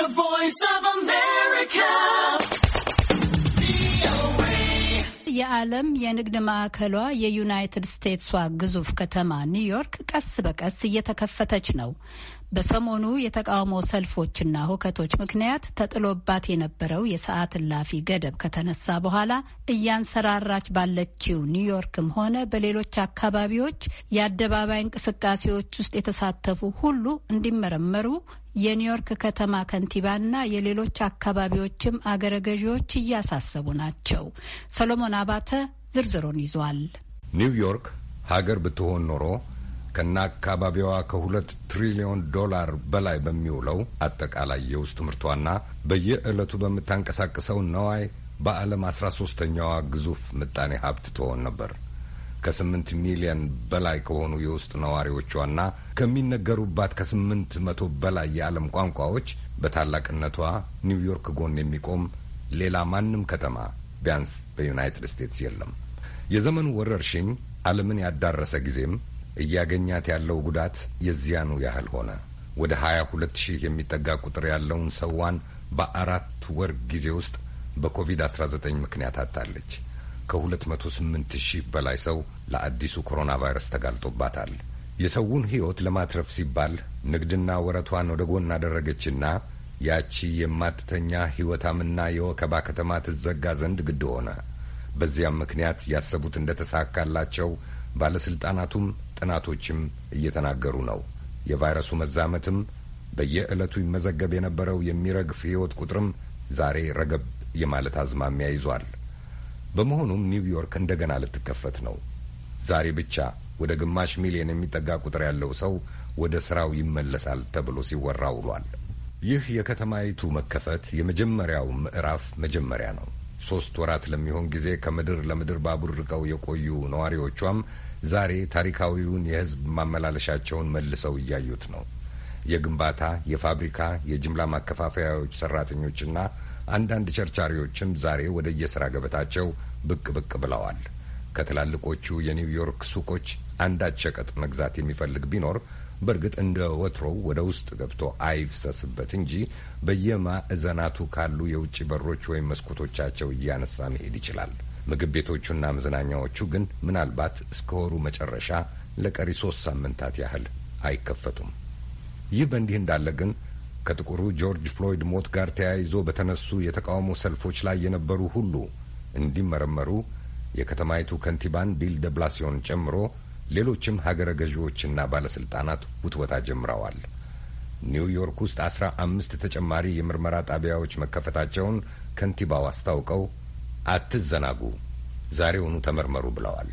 The Voice of America. የዓለም የንግድ ማዕከሏ የዩናይትድ ስቴትሷ ግዙፍ ከተማ ኒውዮርክ ቀስ በቀስ እየተከፈተች ነው። በሰሞኑ የተቃውሞ ሰልፎችና ሁከቶች ምክንያት ተጥሎባት የነበረው የሰዓት እላፊ ገደብ ከተነሳ በኋላ እያንሰራራች ባለችው ኒውዮርክም ሆነ በሌሎች አካባቢዎች የአደባባይ እንቅስቃሴዎች ውስጥ የተሳተፉ ሁሉ እንዲመረመሩ የኒውዮርክ ከተማ ከንቲባና የሌሎች አካባቢዎችም አገረ ገዢዎች እያሳሰቡ ናቸው። ሰሎሞን አባተ ዝርዝሩን ይዟል። ኒውዮርክ ሀገር ብትሆን ኖሮ ከና አካባቢዋ ከሁለት ትሪሊዮን ዶላር በላይ በሚውለው አጠቃላይ የውስጥ ምርቷና በየዕለቱ በምታንቀሳቅሰው ነዋይ በዓለም አስራ ሶስተኛዋ ግዙፍ ምጣኔ ሀብት ትሆን ነበር። ከስምንት ሚሊዮን በላይ ከሆኑ የውስጥ ነዋሪዎቿና ከሚነገሩባት ከስምንት መቶ በላይ የዓለም ቋንቋዎች በታላቅነቷ ኒውዮርክ ጎን የሚቆም ሌላ ማንም ከተማ ቢያንስ በዩናይትድ ስቴትስ የለም። የዘመኑ ወረርሽኝ ዓለምን ያዳረሰ ጊዜም እያገኛት ያለው ጉዳት የዚያኑ ያህል ሆነ። ወደ ሀያ ሁለት ሺህ የሚጠጋ ቁጥር ያለውን ሰዋን በአራት ወር ጊዜ ውስጥ በኮቪድ-19 ምክንያት አታለች። ከ208 ሺህ በላይ ሰው ለአዲሱ ኮሮና ቫይረስ ተጋልጦባታል። የሰውን ሕይወት ለማትረፍ ሲባል ንግድና ወረቷን ወደ ጎን አደረገችና ያቺ የማትተኛ ሕይወታምና የወከባ ከተማ ትዘጋ ዘንድ ግድ ሆነ። በዚያም ምክንያት ያሰቡት እንደተሳካላቸው ባለስልጣናቱም ጥናቶችም እየተናገሩ ነው። የቫይረሱ መዛመትም በየዕለቱ ይመዘገብ የነበረው የሚረግፍ ሕይወት ቁጥርም ዛሬ ረገብ የማለት አዝማሚያ ይዟል። በመሆኑም ኒውዮርክ እንደገና ልትከፈት ነው። ዛሬ ብቻ ወደ ግማሽ ሚሊዮን የሚጠጋ ቁጥር ያለው ሰው ወደ ስራው ይመለሳል ተብሎ ሲወራ ውሏል። ይህ የከተማይቱ መከፈት የመጀመሪያው ምዕራፍ መጀመሪያ ነው። ሶስት ወራት ለሚሆን ጊዜ ከምድር ለምድር ባቡር ርቀው የቆዩ ነዋሪዎቿም ዛሬ ታሪካዊውን የህዝብ ማመላለሻቸውን መልሰው እያዩት ነው። የግንባታ፣ የፋብሪካ፣ የጅምላ ማከፋፈያዎች ሰራተኞችና አንዳንድ ቸርቻሪዎችም ዛሬ ወደ የስራ ገበታቸው ብቅ ብቅ ብለዋል። ከትላልቆቹ የኒውዮርክ ሱቆች አንዳች ሸቀጥ መግዛት የሚፈልግ ቢኖር በእርግጥ እንደ ወትሮው ወደ ውስጥ ገብቶ አይፍሰስበት እንጂ በየማዕዘናቱ ካሉ የውጭ በሮች ወይም መስኮቶቻቸው እያነሳ መሄድ ይችላል። ምግብ ቤቶቹና መዝናኛዎቹ ግን ምናልባት እስከ ወሩ መጨረሻ ለቀሪ ሶስት ሳምንታት ያህል አይከፈቱም። ይህ በእንዲህ እንዳለ ግን ከጥቁሩ ጆርጅ ፍሎይድ ሞት ጋር ተያይዞ በተነሱ የተቃውሞ ሰልፎች ላይ የነበሩ ሁሉ እንዲመረመሩ የከተማይቱ ከንቲባን ቢል ደብላሲዮን ጨምሮ ሌሎችም ሀገረ ገዢዎችና ባለስልጣናት ውትወታ ጀምረዋል። ኒውዮርክ ውስጥ አስራ አምስት ተጨማሪ የምርመራ ጣቢያዎች መከፈታቸውን ከንቲባው አስታውቀው አትዘናጉ፣ ዛሬውኑ ተመርመሩ ብለዋል።